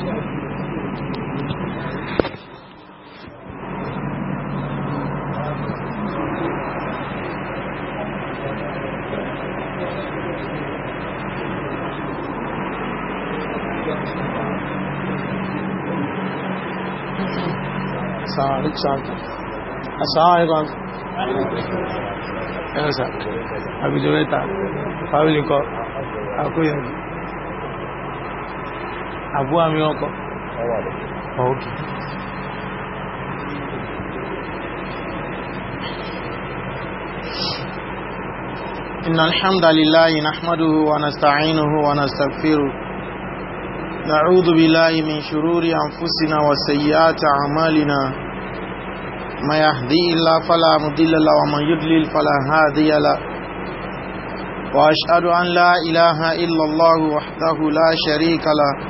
صاحب صاحب صاحب ऐसा अभी जो नहीं था अभी को आपको àbúwà mi ọkọ̀ ọ̀ọ́kì إن الحمد لله نحمده ونستعينه ونستغفره نعوذ بالله من شرور أنفسنا وسيئات أعمالنا ما يهدي الله فلا مضل له ومن يضلل فلا هادي له وأشهد أن لا إله إلا الله وحده لا شريك له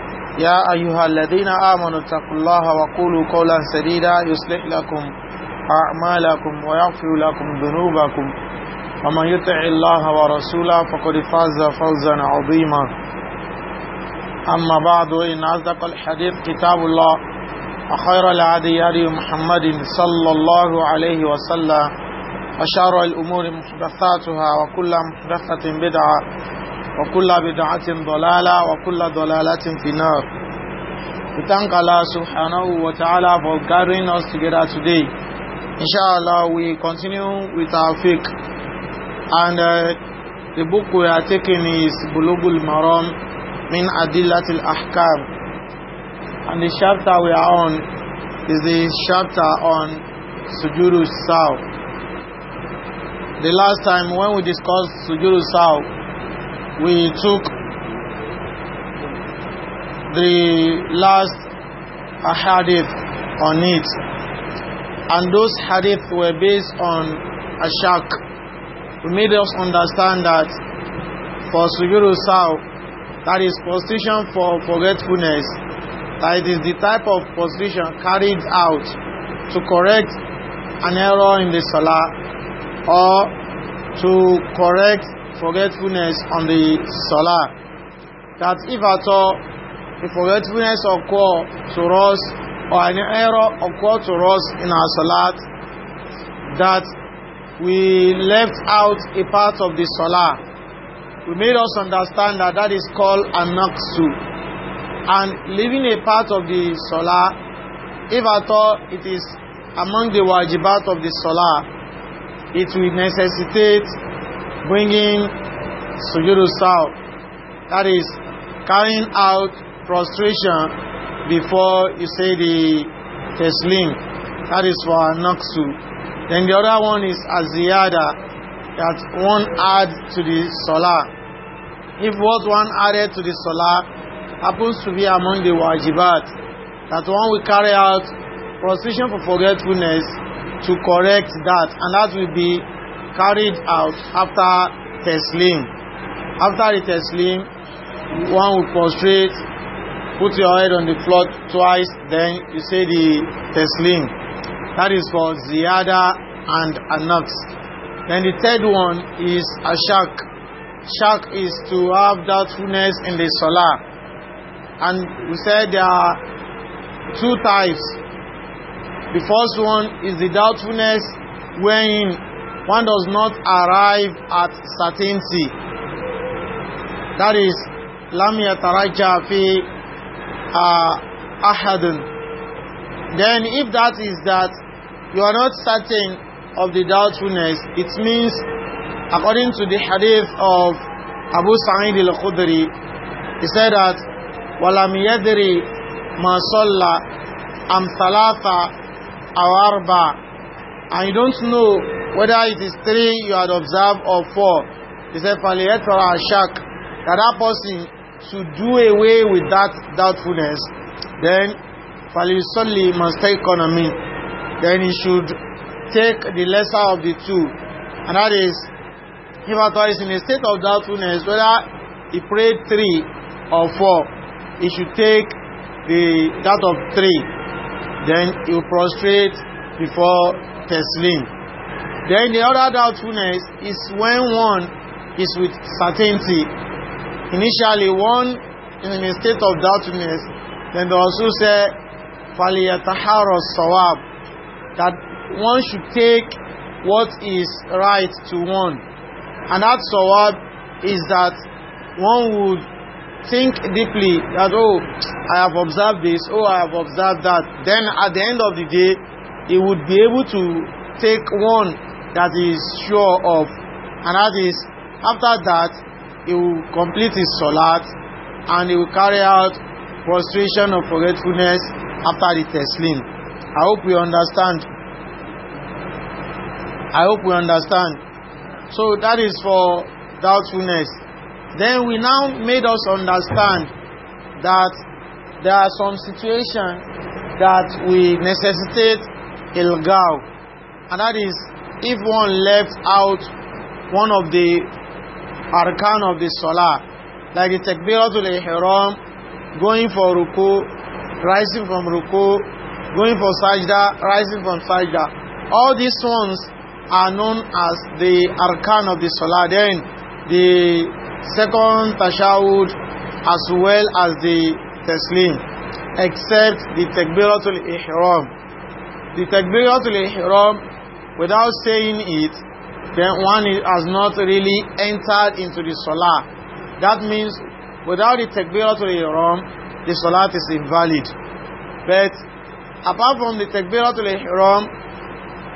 يا أيها الذين آمنوا اتقوا الله وقولوا قولا سديدا يصلح لكم أعمالكم ويغفر لكم ذنوبكم ومن يطع الله ورسوله فقد فاز فوزا عظيما أما بعد إن أصدق الحديث كتاب الله وخير الهدي هدي محمد صلى الله عليه وسلم وشر الأمور محدثاتها وكل محدثة بدعة وكل بدعة ضلالة وكل ضلالة في النار We thank Allah subhanahu wa ta'ala for gathering us together today. Inshallah, we continue with our fiqh. And uh, the book we are taking is Bulugul Maram min Adillatil Ahkam. And the chapter we are on is the chapter on Sujuru Saw. The last time when we discussed Sujuru Saw, we took the last hadith on it and those hadith were based on a ashak we made us understand that for sujudu saw that is position for forgetfulness that it is the type of position carried out to correct an error in the salah or to correct forgetfulness on the salah. That if at all the forgetfulness occur to us or an error occur to us in our salah, that we left out a part of the salah. We made us understand that that is called anaksu. And leaving a part of the salah, if at all it is among the wajibat of the salah, it will necessitate bringing sujudu south, that is carrying out prostration before you say the taslim, that is for naqsu. Then the other one is aziyada, that one add to the solar. If what one added to the solar happens to be among the wajibat, that one will carry out prostration for forgetfulness to correct that, and that will be carried out after Teslim. After the Teslim, one would prostrate, put your head on the floor twice, then you say the Teslim. That is for Ziyada and Anaks. Then the third one is Ashak. Shak is to have doubtfulness in the Salah. And we said there are two types. The first one is the doubtfulness wherein one does not arrive at certainty. That is, لم يترجع في أحد. Then if that is that you are not certain of the doubtfulness, it means according to the hadith of Abu Sa'id al-Khudri, he said that وَلَمْ يَدْرِ مَا صَلَّى أَمْ ثَلَاثَ أَوْ أَرْبَعَ And you don't know whether it is three you had observed or four. He said, فَلِيَتْ فَرَعَشَاكَ That that person should do away with that doubtfulness. Then, فَلِيُسَلِّي مَسْتَيْقَنَ مِنْ Then he should take the lesser of the two. And that is, if at all is in a state of doubtfulness, whether he prayed three or four, he should take the that of three. Then he will prostrate before Teslim. Then the other doubtfulness is when one is with certainty. Initially, one is in a state of doubtfulness. Then they also say, فَلِيَتَحَرَ sawab That one should take what is right to one. And that sawab is that one would think deeply that, oh, I have observed this, oh, I have observed that. Then at the end of the day, he would be able to take one that is sure of and that is after that he will complete his salat and he will carry out prostration of forgetfulness after the teslim. i hope we understand i hope we understand so that is for doubtfulness then we now made us understand that there are some situations that we necessitate ilgaw and that is if one left out one of the arkan of the salah, like the takbiratul ihram, going for ruku, rising from ruku, going for sajda, rising from sajda. All these ones are known as the arkan of the salah. Then the second tashahud as well as the taslim, except the takbiratul ihram. The takbiratul ihram without saying it, then one has not really entered into the salah. That means without the takbiratul ihram, the salah is invalid. But apart from the takbiratul ihram,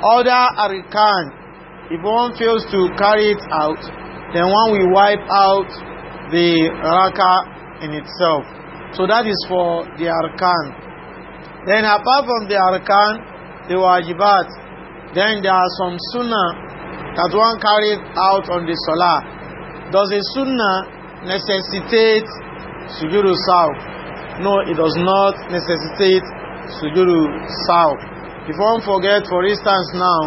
other arkan, if one fails to carry it out, then one will wipe out the raka in itself. So that is for the arkan. Then apart from the arkan, the wajibat, Then there are some sunnah that one carried out on the salah. Does a sunnah necessitate sujudu saw? No, it does not necessitate sujudu saw. If one forget, for instance, now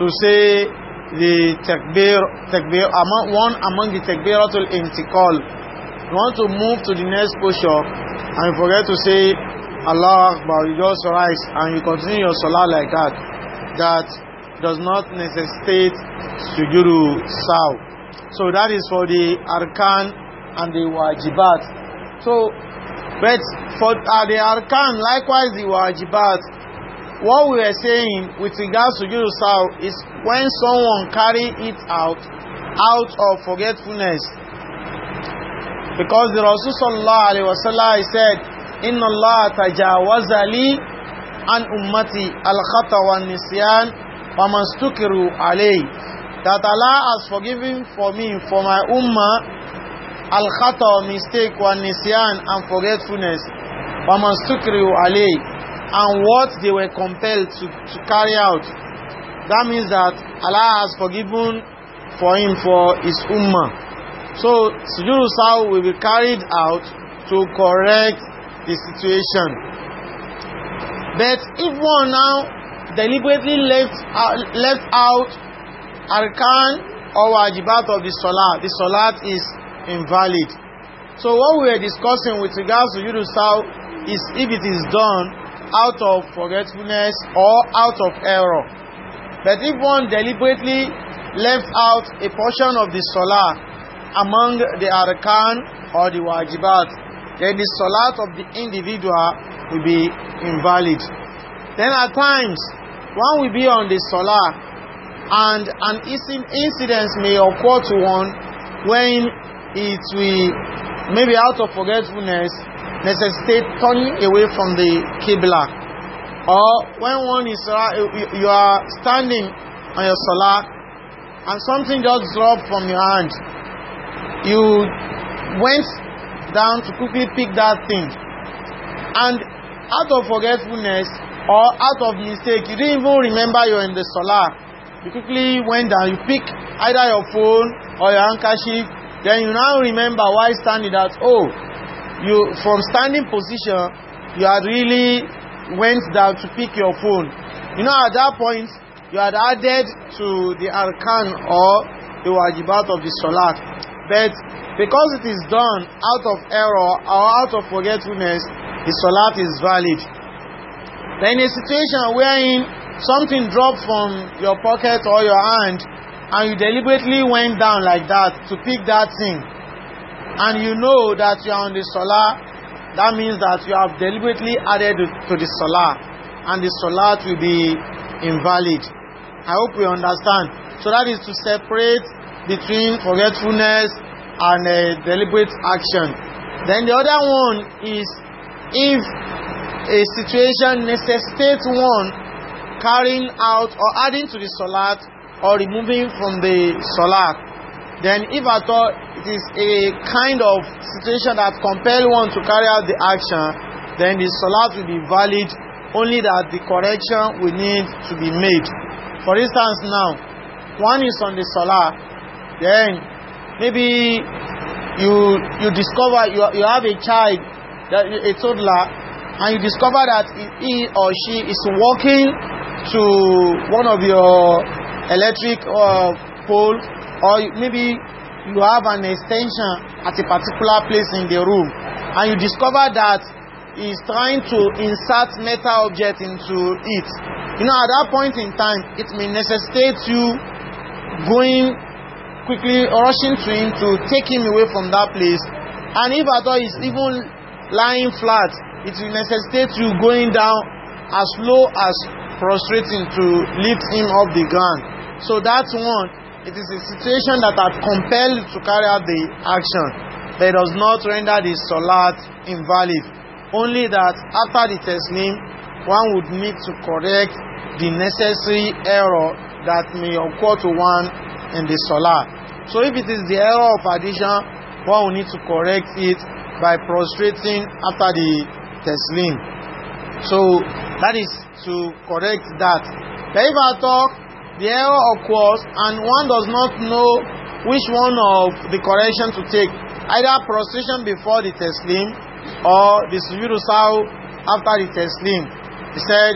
to say the takbir, takbir among, one among the takbiratul intikal, you want to move to the next posture and you forget to say Allah Akbar, you just rise and you continue your salah like that. that does not necessitate sujudu saw. So that is for the arkan and the wajibat. So, but for uh, the arkan, likewise the wajibat, what we are saying with regards to sujudu saw is when someone carry it out out of forgetfulness. Because the Rasul sallallahu alaihi wasallam said, "Inna Allah tajawazali." an ummati al-khata wa nisyan wa mastukiru stukiru that Allah has forgiven for me for my ummah al-khata mistake wa nisyan and forgetfulness wa mastukiru stukiru and what they were compelled to, to carry out that means that Allah has forgiven for him for his ummah so sujudu sahu will be carried out to correct the situation But if one now deliberately left out, uh, left out arkan or wajibat of the salat, the salat is invalid. So what we are discussing with regards to Yudusaw is if it is done out of forgetfulness or out of error. But if one deliberately left out a portion of the salah among the arkan or the wajibat, then the salat of the individual will be invalid. Then at times, one will be on the salah and an incident may occur to one when it will, maybe out of forgetfulness, necessitate turning away from the Qibla. Or when one is, uh, you are standing on your salah and something just dropped from your hand. You went down to quickly pick that thing. And out of forgetfulness or out of mistake, you didn't even remember you're in the salah. You quickly went down, you pick either your phone or your handkerchief, then you now remember why standing that, oh, you from standing position, you had really went down to pick your phone. You know, at that point, you had added to the arkan or the wajibat of the salat. But Because it is done out of error or out of forgetfulness, the salat is valid. Then in a situation wherein something dropped from your pocket or your hand and you deliberately went down like that to pick that thing and you know that you are on the salat, that means that you have deliberately added to the salat, and the salat will be invalid. I hope we understand. So that is to separate between forgetfulness and a uh, deliberate action. Then the other one is if a situation necessitates one carrying out or adding to the salat or removing from the salat. Then if at all it is a kind of situation that compels one to carry out the action, then the salat will be valid only that the correction will need to be made. For instance now, one is on the salah, then maybe you you discover you, you have a child that, a toddler and you discover that he or she is walking to one of your electric uh, pole or maybe you have an extension at a particular place in the room and you discover that he is trying to insert metal object into it you know at that point in time it may necessitate you going quickly rushing to him to take him away from that place. And if at all he's even lying flat, it will necessitate you going down as low as prostrating to lift him off the ground. So that one, it is a situation that had compelled to carry out the action. That does not render the salat invalid. Only that after the taslim, one would need to correct the necessary error that may occur to one in the solar. So if it is the error of addition, one will need to correct it by prostrating after the teslim. So that is to correct that. But if I talk, the error occurs and one does not know which one of the correction to take, either prostration before the teslim or the sujudu after the teslim, He said,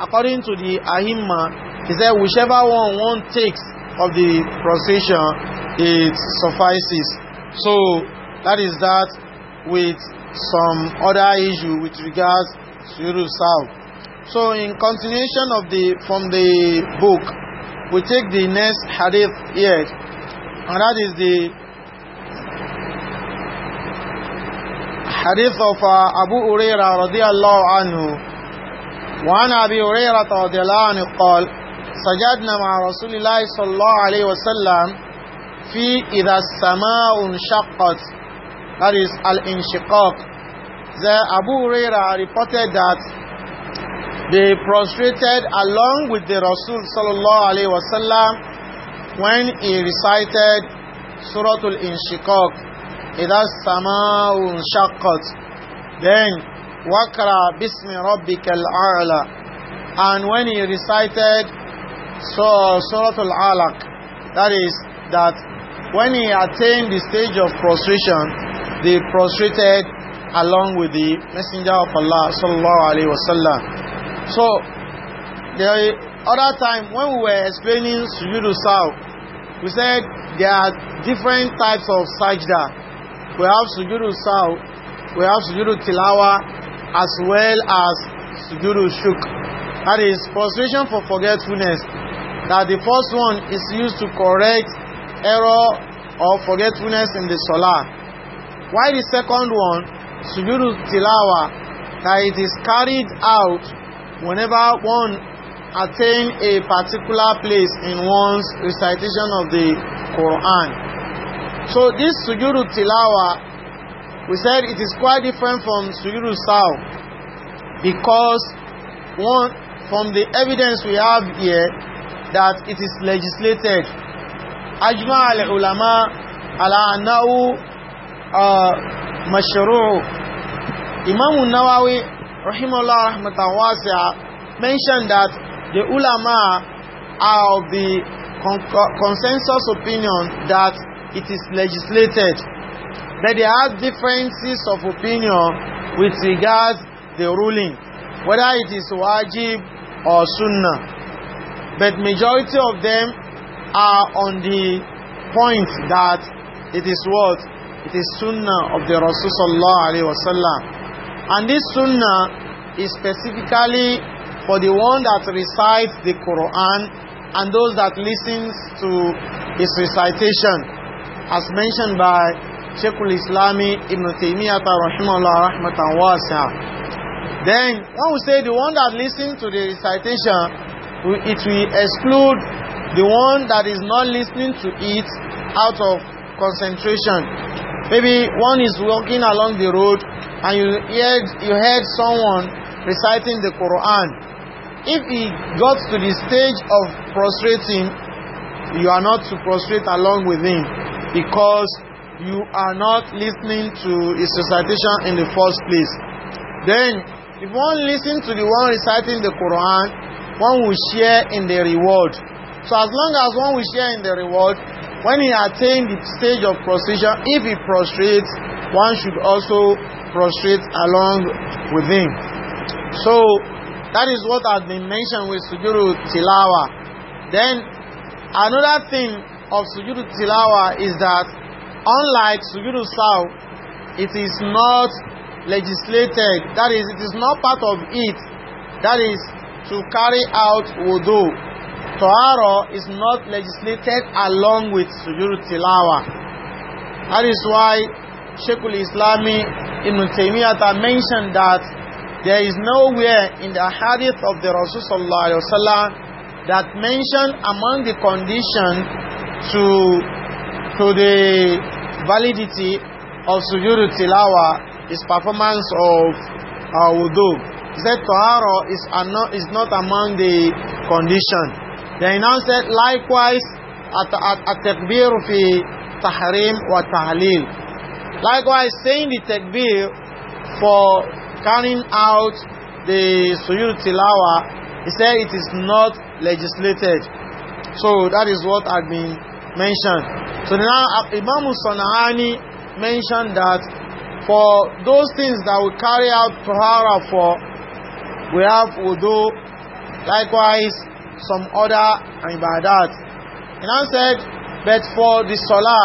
according to the ahimma, he said whichever one one takes of the pronunciation, it suffices. So that is that with some other issue with regards to South. So in continuation of the from the book, we take the next hadith here, and that is the hadith of uh, Abu Uraira radiallahu anhu. وعن أبي هريرة رضي الله عنه قال سجدنا مع رسول الله صلى الله عليه وسلم في إذا السماء انشقت that is al-inshiqaq the Abu Huraira reported that they prostrated along with the Rasul صلى الله عليه وسلم when he recited سورة al-inshiqaq إذا السماء انشقت then وقرأ بسم ربك الأعلى and when he recited So, Suratul Alaq, that is that when he attained the stage of prostration, they prostrated along with the Messenger of Allah sallallahu alaihi wasallam. So, the other time when we were explaining sujudu saw, we said there are different types of sajda. We have sujudu saw, we have sujudu tilawa, as well as sujudu shuk. That is prostration for forgetfulness that the first one is used to correct error or forgetfulness in the salah. Why the second one, sujudu tilawa, that it is carried out whenever one attain a particular place in one's recitation of the Quran. So this sujudu tilawa, we said it is quite different from sujudu saw because one from the evidence we have here that it is legislated ajma al-ulama ala annahu uh, mashru' Imam Nawawi rahimahullah rahmatan wasi'a mentioned that the ulama are of the con consensus opinion that it is legislated that they have differences of opinion with regards the ruling whether it is wajib or sunnah but majority of them are on the point that it is what? It is sunnah of the Rasul sallallahu And this sunnah is specifically for the one that recites the Quran and those that listens to its recitation as mentioned by Sheikhul Islami Ibn Taymiyyah rahimahullah rahmatan wasi'ah. Then, when we say the one that listens to the recitation it will exclude the one that is not listening to it out of concentration. Maybe one is walking along the road and you heard, you heard someone reciting the Quran. If he got to the stage of prostrating, you are not to prostrate along with him because you are not listening to his recitation in the first place. Then, if one listens to the one reciting the Quran one will share in the reward. So as long as one will share in the reward, when he attains the stage of prostration, if he prostrates, one should also prostrate along with him. So that is what has been mentioned with Sujuru Tilawa. Then another thing of Sujuru Tilawa is that unlike Sujuru Saw, it is not legislated. That is, it is not part of it. That is to carry out wudu. Tahara is not legislated along with sujud tilawa. That is why Sheikhul Islami Ibn Taymiyyah mentioned that there is nowhere in the hadith of the Rasul sallallahu alaihi wasallam that mention among the condition to to the validity of sujud tilawa is performance of uh, wudu. He said Tahara is, is not among the condition. Then he now said likewise at-takbir fi tahrim wa tahlil. Likewise saying the takbir for carrying out the suyud tilawa, he said it is not legislated. So that is what had been mentioned. So now uh, Imam Sana'ani mentioned that for those things that we carry out tahara for, we have wudu likewise some other ibadat and I said but for the solar,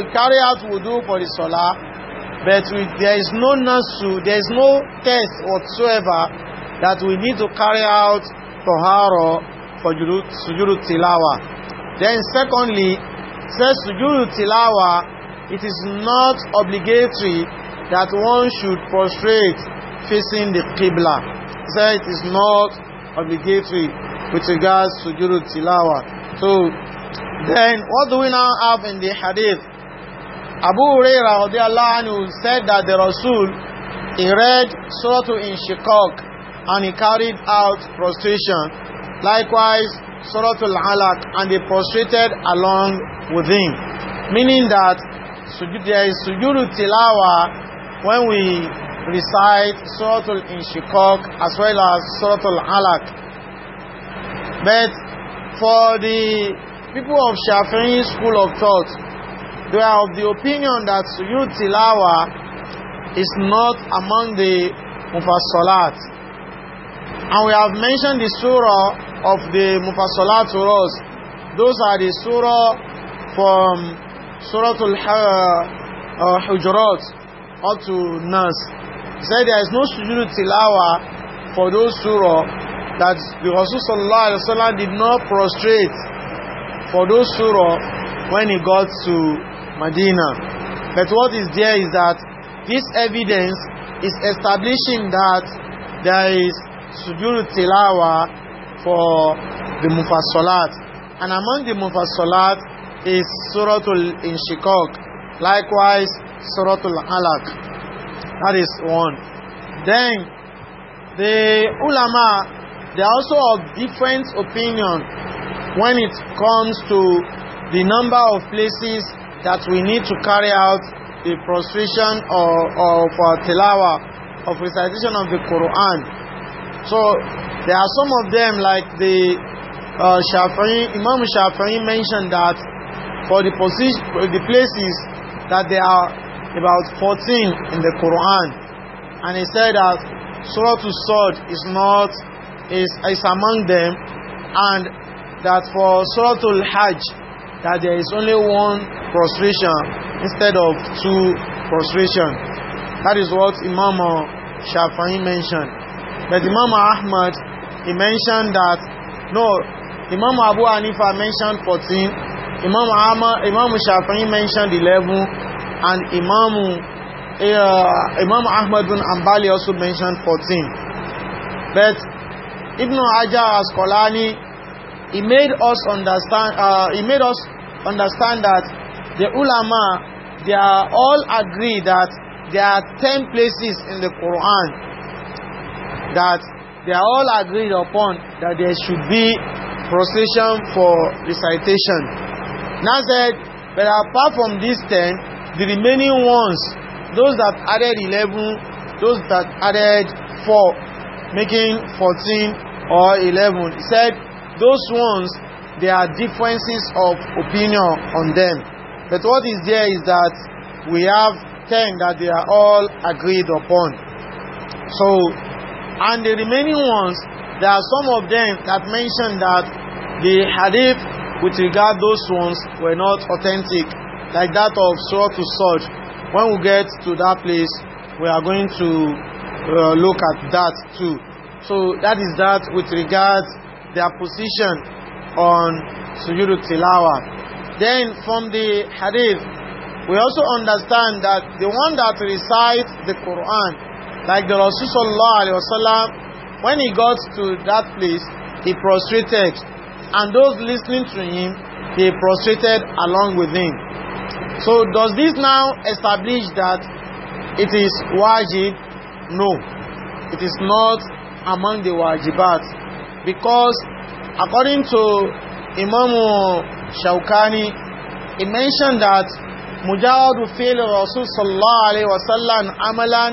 we carry out wudu for the solar. but we, there is no nasu there is no test whatsoever that we need to carry out tahara for sujudu tilawa then secondly says sujudu tilawa it is not obligatory that one should prostrate facing the qibla He said it is not obligatory with regards to Juru Tilawa. So, then what do we now have in the hadith? Abu Hurairah said that the Rasul, he read Surah in Shikok and he carried out prostration. Likewise, Surah Al-Alaq and he prostrated along with him. Meaning that there is sujood tilawa when we recite Surah Al-Inshiqaq as well as Surah Al-Alaq. But for the people of Shafi'i school of thought, they are of the opinion that Sujud Tilawa is not among the Mufassalat. And we have mentioned the surah of the Mufassalat to us. Those are the surah from Surah uh, Al-Hujurat up to Nas. He said there is no sujood tilawa for those surah that the Rasul sallallahu alaihi wasallam did not prostrate for those surah when he got to Medina. But what is there is that this evidence is establishing that there is sujood tilawa for the mufassalat. And among the mufassalat is suratul inshiqaq. Likewise, suratul alaq. That is one. Then, the ulama, they are also of different opinion when it comes to the number of places that we need to carry out the prostration or, or for tilawa of recitation of the Quran. So there are some of them like the uh, Shafi'i, Imam Shafi'i mentioned that for the, the places that they are about 14 in the Quran. And he said that Surah to Sod is not, is, is among them, and that for Surah to Hajj, that there is only one prostration instead of two prostration. That is what Imam Shafi'i mentioned. But Imam Ahmad, he mentioned that, no, Imam Abu Hanifa mentioned 14, Imam, Ahmad, Imam Shafi'i mentioned 11, and Imam, uh, Imam Ahmad bin Ambali also mentioned 14. But Ibn Hajar Asqalani, he made us understand, uh, he made us understand that the ulama, they are all agree that there are 10 places in the Quran that they are all agreed upon that there should be procession for recitation. Now said, but apart from these 10, the remaining ones, those that added 11, those that added 4, making 14 or 11, he said those ones, there are differences of opinion on them. But what is there is that we have 10 that they are all agreed upon. So, and the remaining ones, there are some of them that mentioned that the hadith with regard those ones were not authentic like that of Surah to Surge. When we get to that place, we are going to uh, look at that too. So that is that with regards their position on Sujudu Tilawa. Then from the Hadith, we also understand that the one that recites the Quran, like the Rasulullah Sallallahu when he got to that place, he prostrated. And those listening to him, he prostrated along with him. So does this now establish that it is wajib? No. It is not among the wajibat. Because according to Imam Shawkani, he mentioned that مجاهد فعل الرسول صلى الله عليه وسلم عملا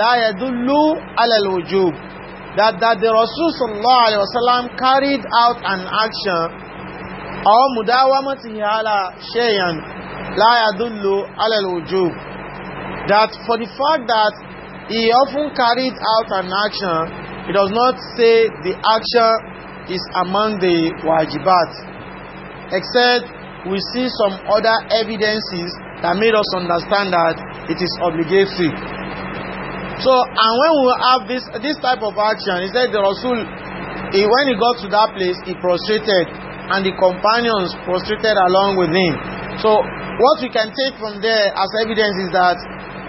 لا يدل على الوجوب that, that the Rasul sallallahu alayhi wasallam carried out an action or mudawamatihi ala shay'an Layadullo, yadullu ala al that for the fact that he often carried out an action it does not say the action is among the wajibat except we see some other evidences that made us understand that it is obligatory so and when we have this this type of action he said the rasul he, when he got to that place he prostrated and the companions prostrated along with him So what we can take from there as evidence is that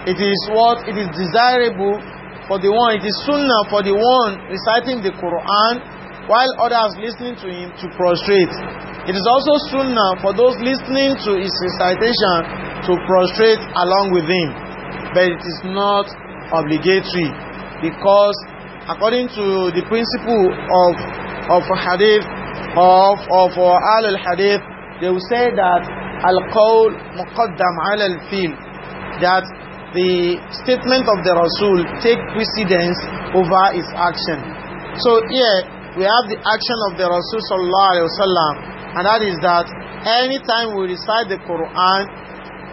it is what it is desirable for the one, it is sunnah for the one reciting the Quran while others listening to him to prostrate. It is also sunnah for those listening to his recitation to prostrate along with him. But it is not obligatory because according to the principle of of hadith of of al hadith they will say that al-qawl muqaddam ala al-fi'l that the statement of the Rasul take precedence over his action. So here we have the action of the Rasul sallallahu alaihi wasallam, and that is that anytime we recite the Quran,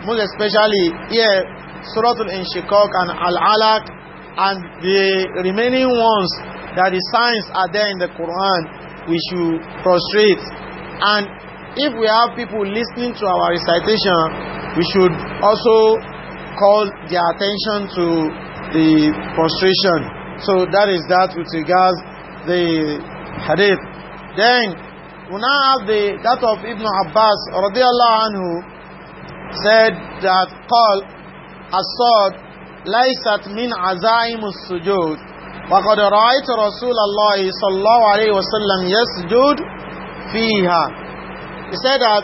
most especially here Surah Al-Inshiqaq and Al-Alaq, and the remaining ones that the signs are there in the Quran, we should prostrate. And if we have people listening to our recitation, we should also call their attention to the prostration. So that is that with regards the hadith. Then we now have the that of Ibn Abbas radiallahu anhu said that call as-sad laysat min azaim as-sujud وقد رأيت رسول الله صلى الله عليه وسلم يسجد فيها He said that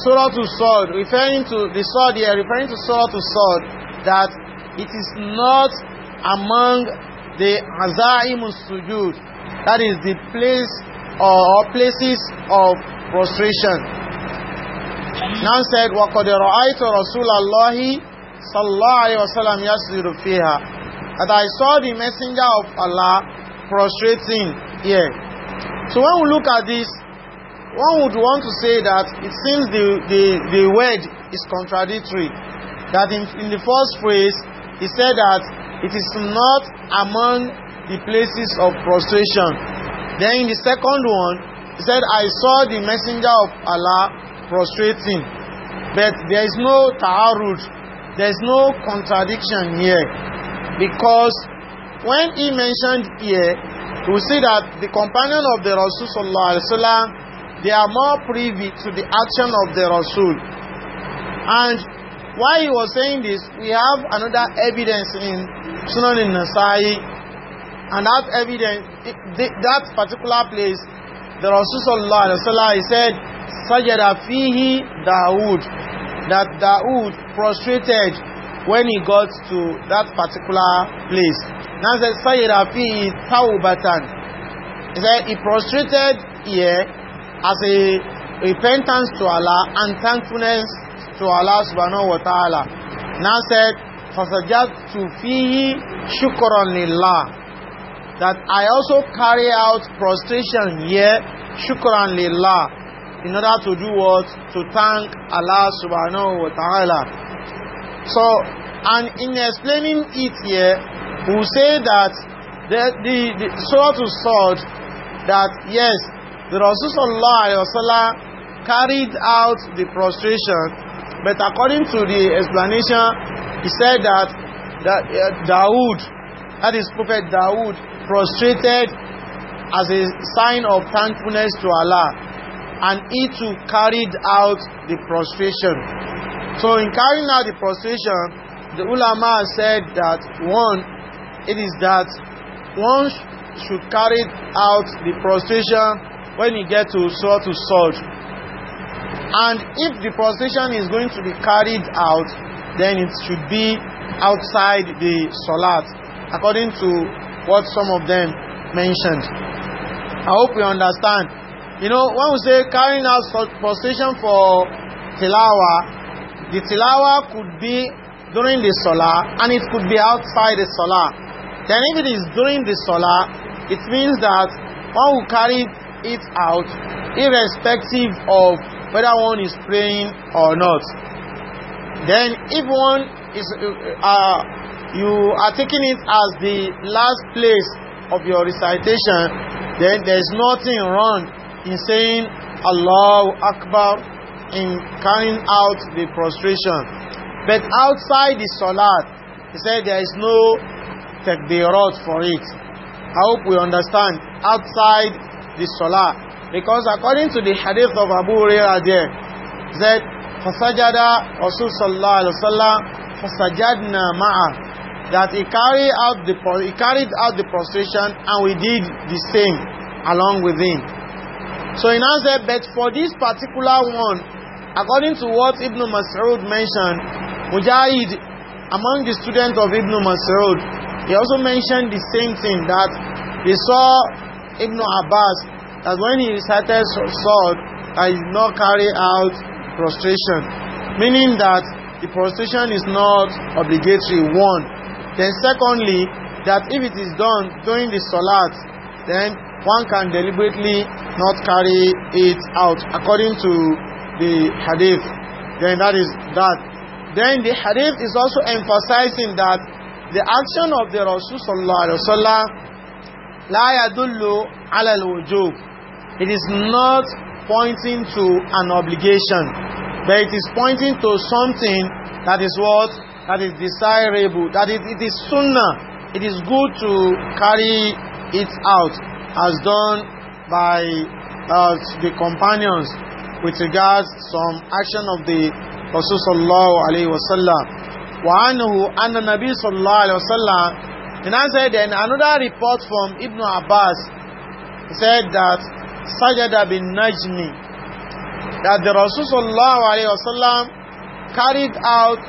Surah to sword, referring to the sword here, referring to Surah to sword, that it is not among the Azaim Sujud, that is the place or places of prostration. Now said, وَقَدْ رَأَيْتُ رَسُولَ اللَّهِ صَلَّى اللَّهُ عَلَيْهِ وَسَلَّمْ يَسْجُدُ فِيهَا That I saw the messenger of Allah prostrating here. So when we look at this, one would want to say that it seems the, the, the word is contradictory. That in, in the first phrase, he said that it is not among the places of prostration. Then in the second one, he said, I saw the messenger of Allah prostrating. But there is no ta'arud, there is no contradiction here. Because when he mentioned here, we see that the companion of the Rasul sallallahu alaihi wasallam they are more privy to the action of the Rasul. And why he was saying this, we have another evidence in Sunan in Nasai, and that evidence, that particular place, the Rasul sallallahu alaihi wasallam, he said, "Sajada fihi Dawood," that Dawood prostrated when he got to that particular place. Now said, "Sajada fihi Taubatan." He said he prostrated here as a repentance to Allah and thankfulness to Allah subhanahu wa ta'ala. Now said, فَسَجَدْتُ فِيهِ شُكْرًا لِلَّهِ That I also carry out prostration here, shukran lillah, in order to do what? To thank Allah subhanahu wa ta'ala. So, and in explaining it here, we say that the, the, the Surah to Sod, that yes, The Rasulullah carried out the prostration, but according to the explanation, he said that, that uh, Dawood, that is Prophet Dawood, prostrated as a sign of thankfulness to Allah, and he too carried out the prostration. So, in carrying out the prostration, the ulama said that one, it is that one should carry out the prostration when you get to Surah to Surah. And if the procession is going to be carried out, then it should be outside the Salat, according to what some of them mentioned. I hope you understand. You know, when we say carrying out procession for Tilawa, the Tilawa could be during the Salah and it could be outside the Salah. Then if it is during the Salah, it means that one will carry it out irrespective of whether one is praying or not. Then if one is, uh, uh you are taking it as the last place of your recitation, then there is nothing wrong in saying Allahu Akbar in carrying out the prostration. But outside the Salat, he said there is no takbirat for it. I hope we understand. Outside the salah. Because according to the hadith of Abu Hurairah there, that Fasajada Rasul Sallallahu Alaihi Wasallam Fasajadna Ma'a that he carried out the he carried out the prostration and we did the same along with him. So in answer, but for this particular one, according to what Ibn Mas'ud mentioned, Mujahid, among the students of Ibn Mas'ud, he also mentioned the same thing that they saw Ibn Abbas that when he recited sword, I did not carry out prostration, meaning that the prostration is not obligatory, one. Then secondly, that if it is done during the Salat, then one can deliberately not carry it out according to the hadith then that is that then the hadith is also emphasizing that the action of the Rasul sallallahu alaihi wasallam La يدل على it is not pointing to an obligation but it is pointing to something that is what that is desirable that it, it is sunnah it is good to carry it out as done by uh, the companions with regards some action of the Rasul sallallahu alayhi wa wa anhu anna nabi sallallahu alayhi The Quran said then another report from Ibn Abbas said that Sajada bin Najmi that the Rasulullah carried out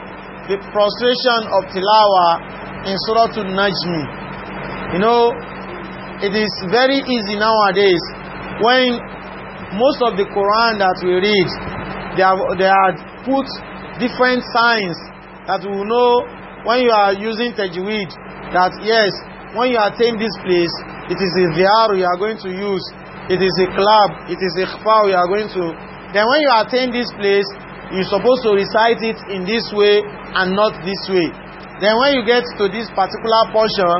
the prostration of Tilawa in Surah to Najmi. You know, it is very easy nowadays when most of the Quran that we read, they have, they have put different signs that we know when you are using tajweed that yes, when you attain this place, it is a dhiyaru you are going to use, it is a club, it is a khfaw you are going to. Then when you attain this place, you're supposed to recite it in this way and not this way. Then when you get to this particular portion,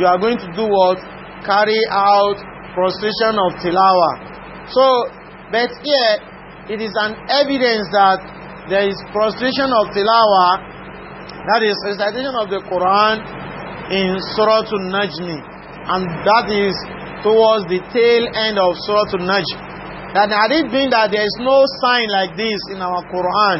you are going to do what? Carry out prostration of tilawa. So, but here, it is an evidence that there is prostration of tilawa, that is recitation of the Quran in Surah Najmi, and that is towards the tail end of Surah Najm. That had it been that there is no sign like this in our Quran,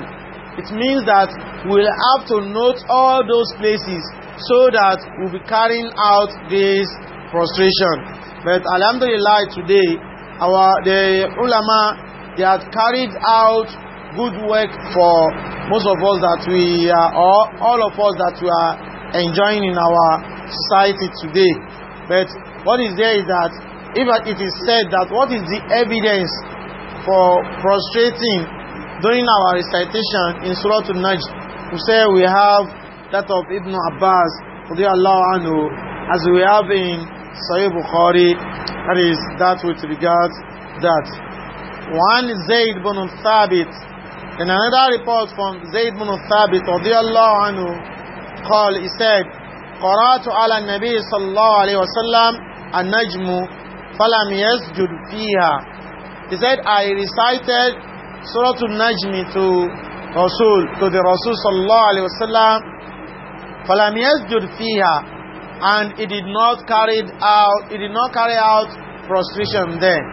it means that we'll have to note all those places so that we'll be carrying out this frustration. But Alhamdulillah today, our the ulama they had carried out good work for most of us that we are, or all of us that we are enjoying in our society today. But what is there is that if it is said that what is the evidence for prostrating during our recitation in Surah Al-Najj, we say we have that of Ibn Abbas, anhu, as we have in Sahih Bukhari, that is that with regard that. One Zayd bin Thabit, and another report from Zayd bin Thabit, anhu, قال he said قرأت على النبي صلى الله عليه وسلم النجم فلم يسجد فيها he said I recited Surah Al-Najm to Rasul to the Rasul الله عليه وسلم فلم يسجد فيها and it did not carry out it did not carry out prostration there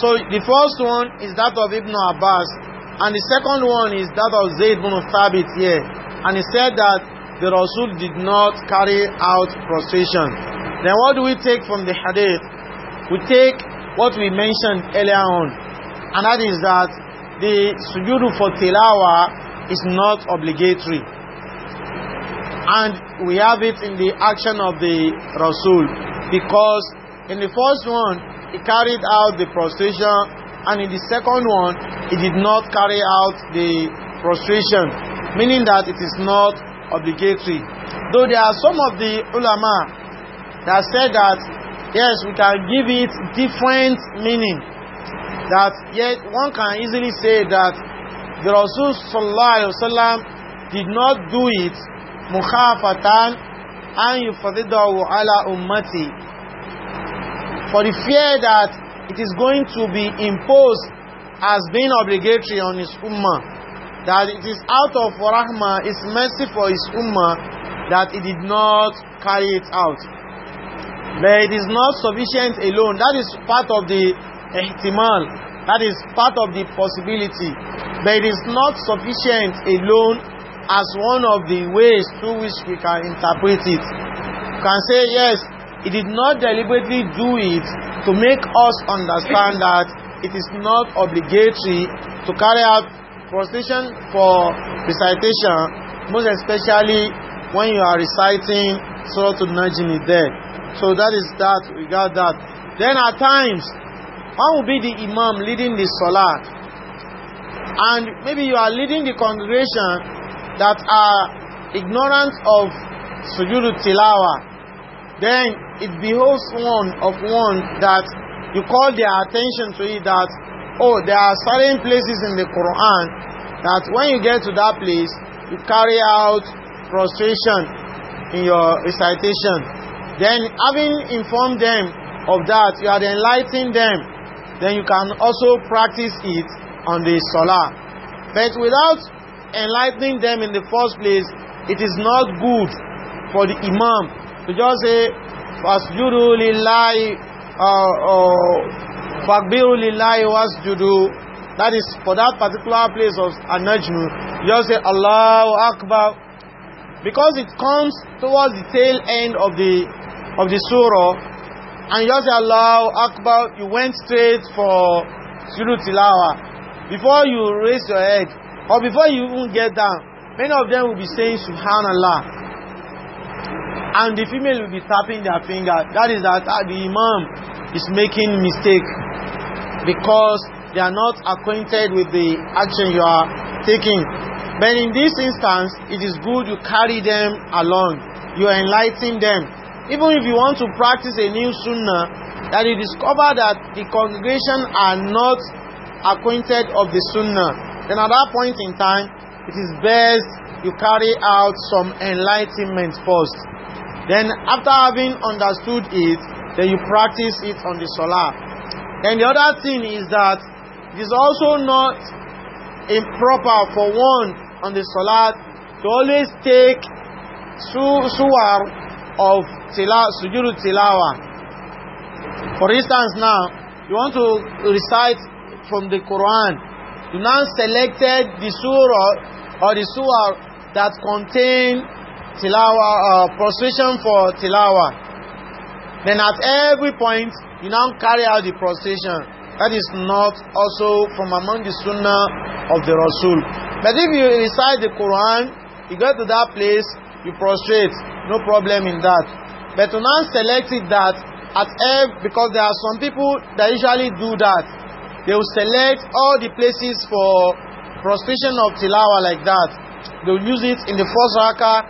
so the first one is that of Ibn Abbas and the second one is that of Zayd ibn Thabit here and he said that the Rasul did not carry out prostration. Then what do we take from the hadith? We take what we mentioned earlier on, and that is that the sujood for tilawa is not obligatory. And we have it in the action of the Rasul because in the first one, he carried out the prostration, and in the second one, he did not carry out the prostration, meaning that it is not obligatory. Though there are some of the ulama that said that, yes, we can give it different meaning. That yet one can easily say that the Rasul Sallallahu Alaihi Wasallam did not do it mukhafatan an yufadidahu ala ummati for the fear that it is going to be imposed as being obligatory on his ummah that it is out of rahmah, His mercy for His ummah, that He did not carry it out. But it is not sufficient alone. That is part of the ihtimal. That is part of the possibility. But it is not sufficient alone as one of the ways through which we can interpret it. We can say, yes, He did not deliberately do it to make us understand that it is not obligatory to carry out pronunciation for recitation, most especially when you are reciting Surah to Najm is there. So that is that, We got that. Then at times, one will be the imam leading the salah, and maybe you are leading the congregation that are ignorant of sujud tilawa. Then it behoves one of one that you call their attention to it that oh, there are certain places in the Quran that when you get to that place, you carry out prostration in your recitation. Then, having informed them of that, you had enlightened them, then you can also practice it on the Salah. But without enlightening them in the first place, it is not good for the Imam to just say, Fasjudu lillahi, uh, uh, Fakbiru lillahi wasjudu. That is for that particular place of an you Just say Allahu Akbar. Because it comes towards the tail end of the of the surah. And you just say Allahu Akbar. You went straight for Suru Tilawa. Before you raise your head or before you even get down, many of them will be saying Subhanallah. And the female will be tapping their finger. That is that the Imam is making mistake because they are not acquainted with the action you are taking. But in this instance, it is good you carry them along. You enlighten them. Even if you want to practice a new sunnah, that you discover that the congregation are not acquainted of the sunnah, then at that point in time, it is best you carry out some enlightenment first. Then after having understood it, then you practice it on the salah. And the other thing is that it is also not improper for one on the salat to always take su- suwar of tila- sujudu tilawa. For instance now, you want to recite from the Quran. You now selected the surah or the surah that contain tilawa, uh, prostration for tilawa. Then at every point, you now carry out the prostration. That is not also from among the sunnah of the Rasul. But if you recite the Quran, you go to that place, you prostrate, no problem in that. But to now select it that at F, because there are some people that usually do that. They will select all the places for prostration of tilawa like that. They will use it in the first raka,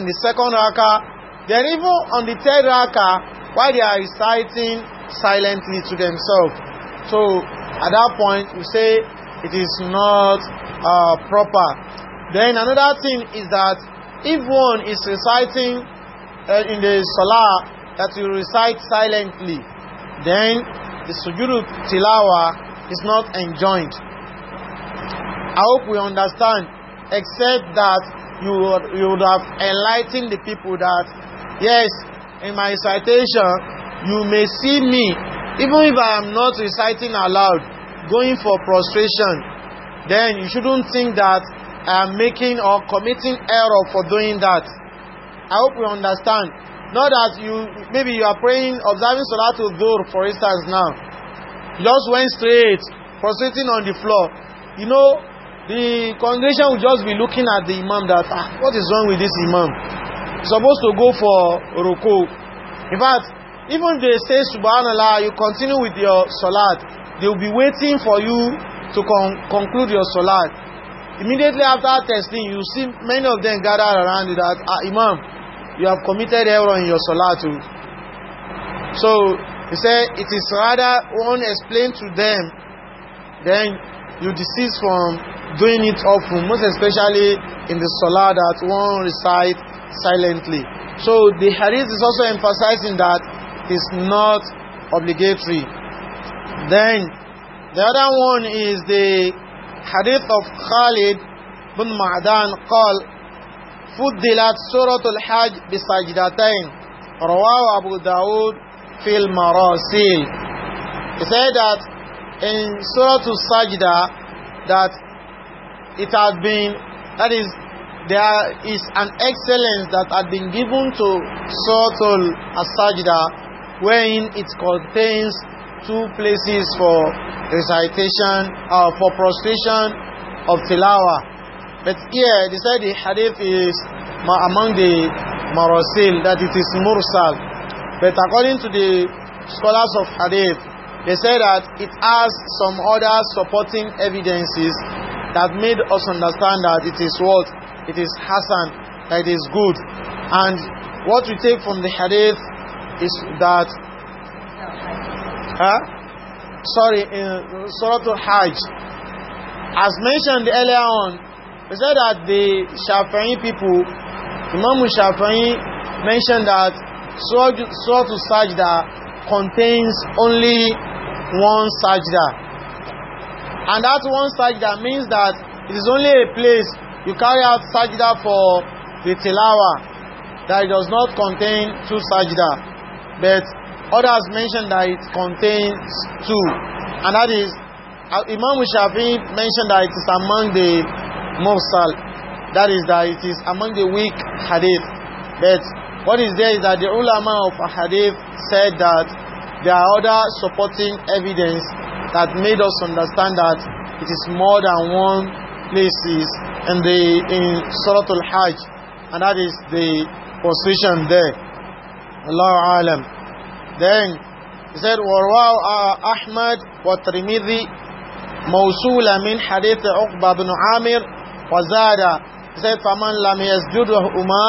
in the second raka, then even on the third raka, while they are reciting silently to themselves. So at that point, we say it is not uh, proper. Then another thing is that if one is reciting uh, in the salah that you recite silently, then the sujood tilawa is not enjoined. I hope we understand, except that you would, you would have enlightened the people that yes, in my citation, you may see me, even if I am not reciting aloud, going for prostration, then you shouldn't think that I am making or committing error for doing that. I hope you understand. Not that you, maybe you are praying, observing Salatul Dhuhr, for instance, now. Just went straight, prostrating on the floor. You know, the congregation will just be looking at the imam that, ah, what is wrong with this imam? Supposed to go for ruku. In fact, even they say subhanallah you continue with your salat they will be waiting for you to con conclude your salat immediately after testing you see many of them gather around you that ah, imam you have committed error in your salat too. so he said it is rather one explain to them then you desist from doing it often most especially in the salat that one recite silently so the hadith is also emphasizing that is not obligatory. Then the other one is the hadith of Khalid bin Ma'dan قال فضلت سورة Hajj بسجدتين رواه Abu Dawud fil المراسيل He said that in Surah Al-Sajda that it had been, that is, there is an excellence that had been given to Surah Al-Sajda wherein it contains two places for recitation or uh, for prostration of tilawa. But here they said the hadith is among the marasil that it is mursal. But according to the scholars of hadith, they say that it has some other supporting evidences that made us understand that it is what? It is hasan, that it is good. And what we take from the hadith is that huh? sorry in Surah Al-Hajj as mentioned earlier on we said that the Shafi'i people Imam Shafi'i mentioned that Surah Al-Sajda contains only one Sajda and that one sajda means that it is only a place you carry out sajda for the tilawa that it does not contain two sajda but others mentioned that it contains two and that is uh, Imam Shafi mentioned that it is among the mursal that is that it is among the weak hadith but what is there is that the ulama of hadith said that there are other supporting evidence that made us understand that it is more than one places in the in Suratul Hajj and that is the position there Allah alam. Then he said, ورواه أحمد والترمذي موصولا من حديث عقبة بن عامر وزاد he said فمن لم يسجدهما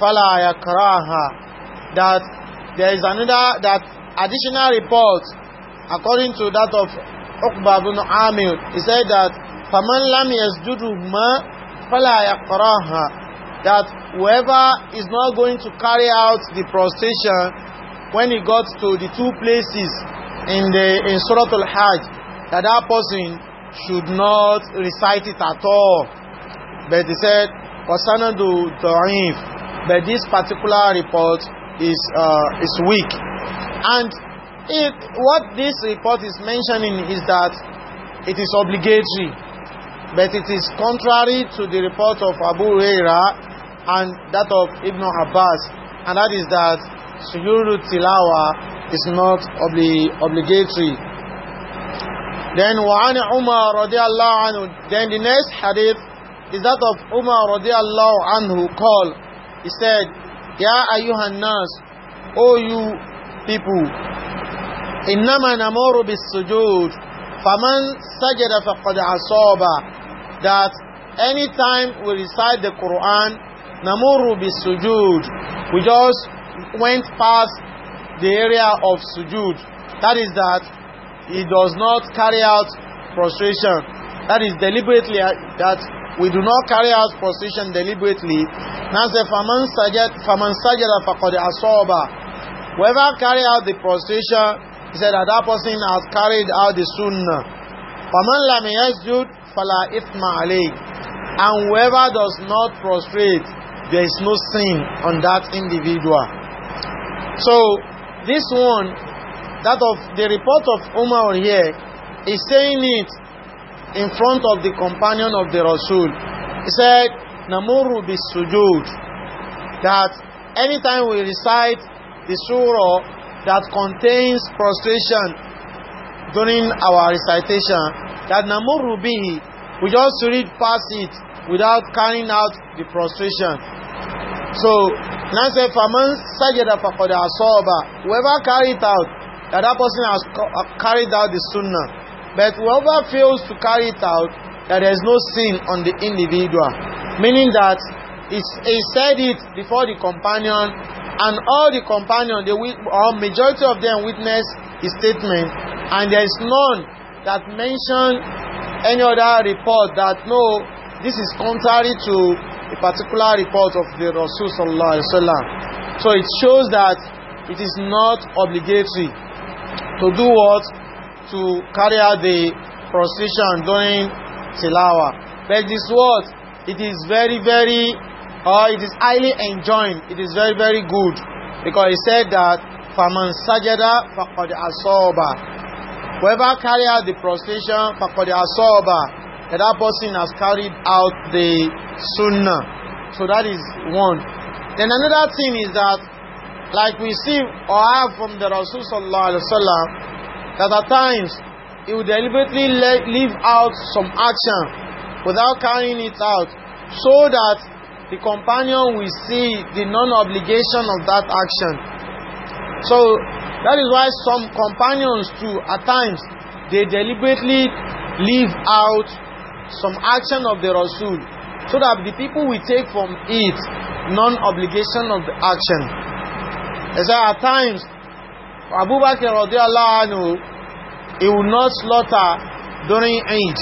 فلا يكراها that there is another that additional report according to that of Uqba ibn Amir he said that فمن لم يسجدهما فلا يكراها that whoever is not going to carry out the prostration when he got to the two places in the in Surah Al-Hajj that that person should not recite it at all but they said wasanadu da'if but this particular report is uh, is weak and it, what this report is mentioning is that it is obligatory But it is contrary to the report of Abu Huraira and that of Ibn Abbas, and that is that Sujuru Tilawa is not obli obligatory. Then وعن عمر رضي الله عنه Then the next hadith is that of Umar رضي anhu. عنه call. He said, Ya ayuhan nas, O you people, إنما نمر sujud. فَمَنْ سَجَدَ فَقَدْ عَصَابَ that anytime we recite the Quran, namuru bi sujud. We just went past the area of sujud. That is that he does not carry out prostration. That is deliberately uh, that we do not carry out prostration deliberately. Now the faman sajad faman sajada faqad Whoever carry out the prostration He said that that person has carried out the sunnah. فَمَنْ لَمْ يَسْجُدْ فَلَا إِثْمَ عَلَيْهِ And whoever does not prostrate, there is no sin on that individual. So, this one, that of the report of Umar here, is saying it in front of the companion of the Rasul. He said, "Namurubis bis sujud. That anytime we recite the surah that contains prostration during our recitation that namuru bihi we just read past it without carrying out the prostration so now say faman sajada faqad asaba whoever carry it out that that person has uh, carried out the sunnah but whoever fails to carry it out that there is no sin on the individual meaning that he said it before the companion and all the companion the or majority of them witnessed his statement and there is none that mentioned any other report that no this is contrary to a particular report of the Rasul sallallahu alaihi wasallam so it shows that it is not obligatory to do what to carry out the prostitution during tilawa but this word it is very very or oh, it is highly enjoined, it is very, very good. Because he said that, فَمَنْ سَجَدَ فَقَدْ أَصَوْبَ Whoever carried out the prostration, فَقَدْ أَصَوْبَ That that person has carried out the sunnah. So that is one. Then another thing is that, like we see or have from the Rasul Sallallahu Alaihi Wasallam, that at times, he would deliberately leave out some action without carrying it out so that the companion will see the non-obligation of that action. So that is why some companions too, at times, they deliberately leave out some action of the Rasul so that the people will take from it non-obligation of the action. As at times, Abu Bakr radiallahu anhu, he will not slaughter during Eid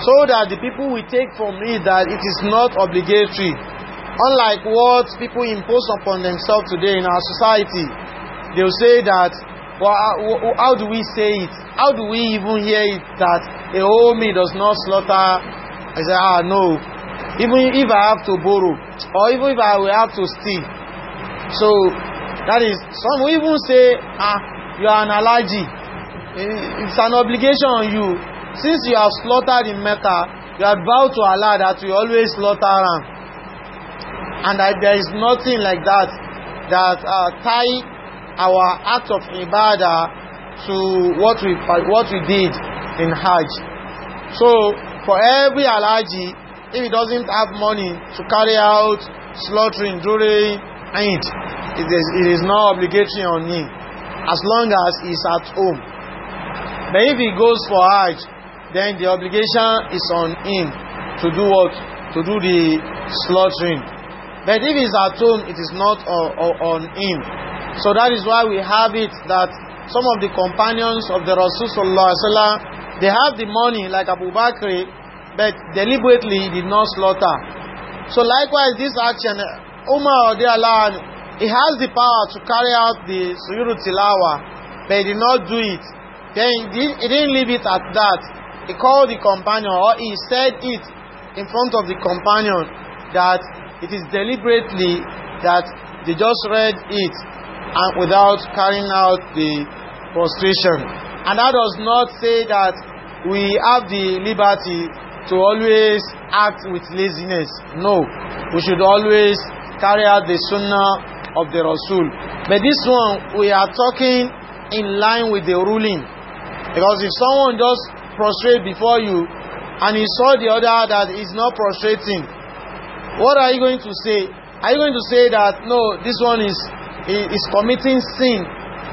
so that the people will take from it that it is not obligatory. Unlike what people impose upon themselves today in our society, They will say that, well, how do we say it? How do we even hear it that a homie does not slaughter? I say, ah, no. Even if I have to borrow, or even if I will have to steal. So, that is, some will even say, ah, you are an allergy. It's an obligation on you Since you have slaughtered in Mecca, you have vowed to Allah that you always slaughter ram. And that there is nothing like that that uh, tie our act of ibadah to what we what we did in Hajj. So for every alaji, if he doesn't have money to carry out slaughtering during Eid, it is, it is not obligatory on him as long as he's at home. But if he goes for Hajj, then the obligation is on him to do what? To do the slaughtering. But if it's at home, it is not on, on him. So that is why we have it that some of the companions of the Rasulullah they have the money like Abu Bakr, but deliberately did not slaughter. So likewise, this action, Umar Allah, he has the power to carry out the Suyuru Tilawa, but he did not do it. Then he didn't leave it at that he called the companion or he said it in front of the companion that it is deliberately that they just read it and without carrying out the prostration. And that does not say that we have the liberty to always act with laziness. No, we should always carry out the sunnah of the Rasul. But this one, we are talking in line with the ruling. Because if someone just prostrate before you and he saw the other that is not prostrating, what are you going to say? Are you going to say that, no, this one is, is committing sin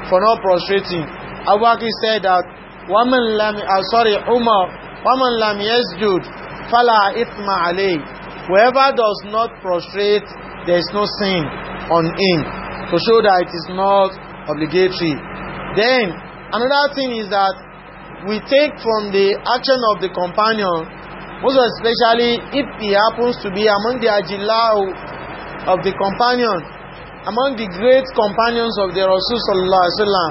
for not prostrating? Abu Bakr said that, woman lam, uh, sorry, Umar, woman lam yasjud, fala ithma alay. Whoever does not prostrate, there is no sin on him. To show that it is not obligatory. Then, another thing is that we take from the action of the companion, most especially if he happens to be among the ajillah of the companion, among the great companions of the Rasul sallallahu alaihi wasallam,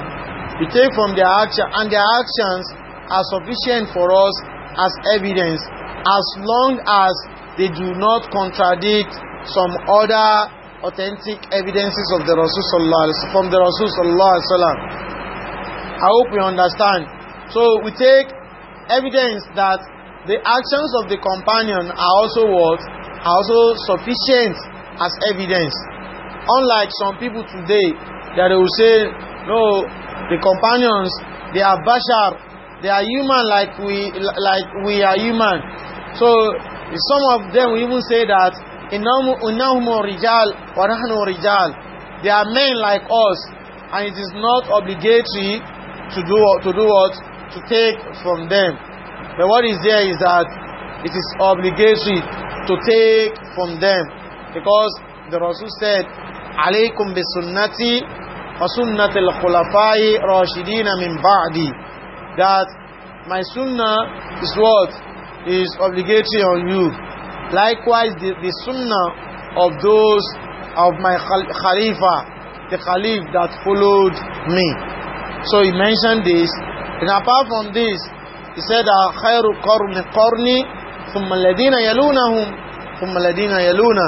we take from their action and their actions are sufficient for us as evidence, as long as they do not contradict some other authentic evidences of the Rasul from the Rasul sallallahu alaihi wasallam. I hope you understand. So we take evidence that the actions of the companion are also what? Are also sufficient as evidence. Unlike some people today that they will say, no, the companions, they are bashar, they are human like we, like we are human. So some of them will even say that, إِنَّهُمُ رِجَالْ وَنَحْنُ رِجَالْ They are men like us, and it is not obligatory to do, to do what? to take from them. But what is there is that it is obligatory to take from them because the Rasul said, "Alaykum bi sunnati wa sunnati al-khulafai rashidina min ba'di." That my sunnah is what is obligatory on you. Likewise, the, the sunnah of those of my khalifa, the caliph that followed me. So he mentioned this And apart from this, he said, خَيْرُ قَرْنِ قَرْنِ ثُمَّ الَّذِينَ يَلُونَهُمْ ثُمَّ الَّذِينَ يَلُونَ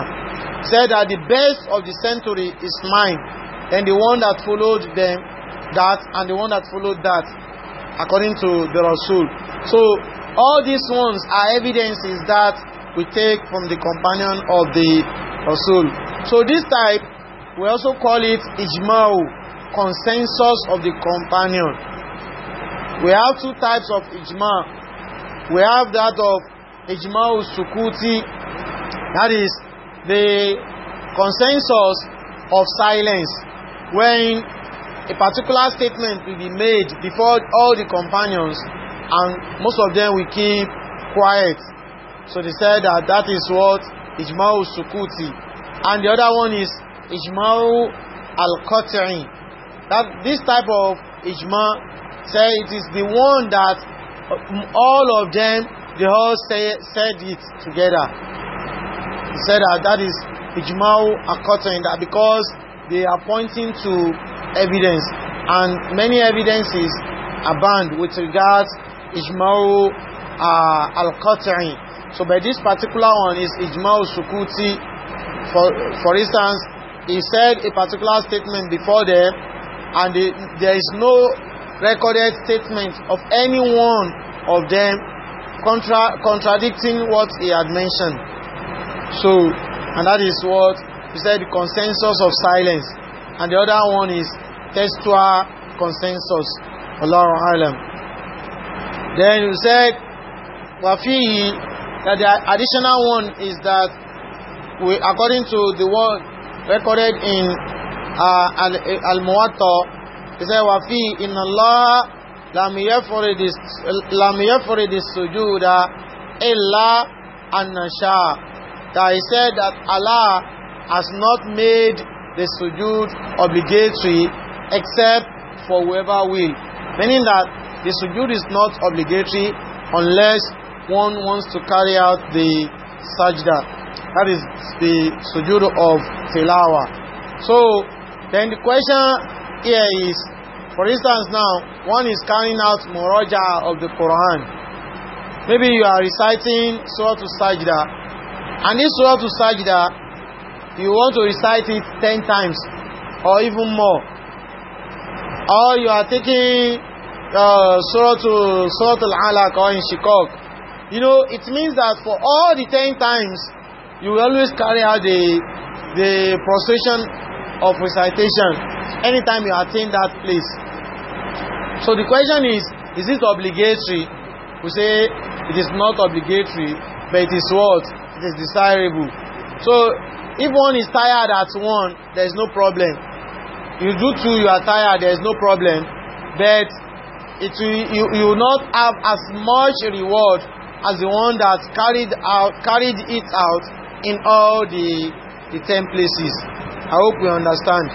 He said that the best of the century is mine, and the one that followed them, that, and the one that followed that, according to the Rasul. So, all these ones are evidences that we take from the companion of the Rasul. So this type, we also call it ijma'u, consensus of the companion. We have two types of ijma. We have that of ijma sukuti, that is the consensus of silence, when a particular statement will be made before all the companions and most of them will keep quiet. So they said that that is what ijma sukuti. And the other one is ijma al-qat'i. That this type of ijma say it is the one that uh, all of them, they all say, said it together. He said that that is Ijma'u Akotan, that because they are pointing to evidence and many evidences are banned with regards Ijma'u uh, Al-Qat'i. So by this particular one is Ijma'u Sukuti. For, for instance, he said a particular statement before them and they, there is no recorded statement of any one of them contra contradicting what he had mentioned. So, and that is what he said consensus of silence. And the other one is textual consensus. Allahu Alam. Then he said, Wafihi, that the additional one is that we, according to the word recorded in uh, Al-Muwatta, al muwatta He said, وَفِي إِنَّ اللَّهَ لَمْ يَفْرِدِ السُّجُودَ إِلَّا أَنَّشَاءَ That he said that Allah has not made the sujood obligatory except for whoever will. Meaning that the sujood is not obligatory unless one wants to carry out the sajda. That is the sujood of tilawa. So, then the question here is, for instance now, one is carrying out Muraja of the Quran. Maybe you are reciting Surah to Sajda. And this Surah to Sajda, you want to recite it ten times or even more. Or you are taking uh, Surah to Surah Al-Alaq or in Shikok. You know, it means that for all the ten times, you always carry out the, the prostration of recitation anytime you attain that place. So the question is, is it obligatory? We say it is not obligatory, but it is what? It is desirable. So if one is tired at one, there is no problem. You do two, you are tired, there is no problem. But it will, you, you will not have as much reward as the one that carried out carried it out in all the, the ten places. I hope we understand.